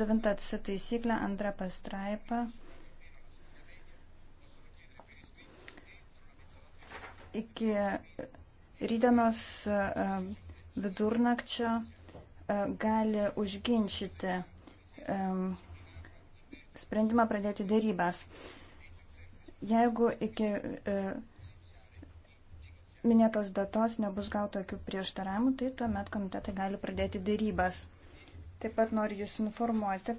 Devintas taisyklė, antra pastraipa. Iki rydienos e, vidurnakčio e, gali užginčyti e, sprendimą pradėti dėrybas. Jeigu iki minėtos datos nebus gauta jokių prieštaravimų, tai tuomet komitetai gali pradėti dėrybas. Taip pat noriu Jūs informuoti,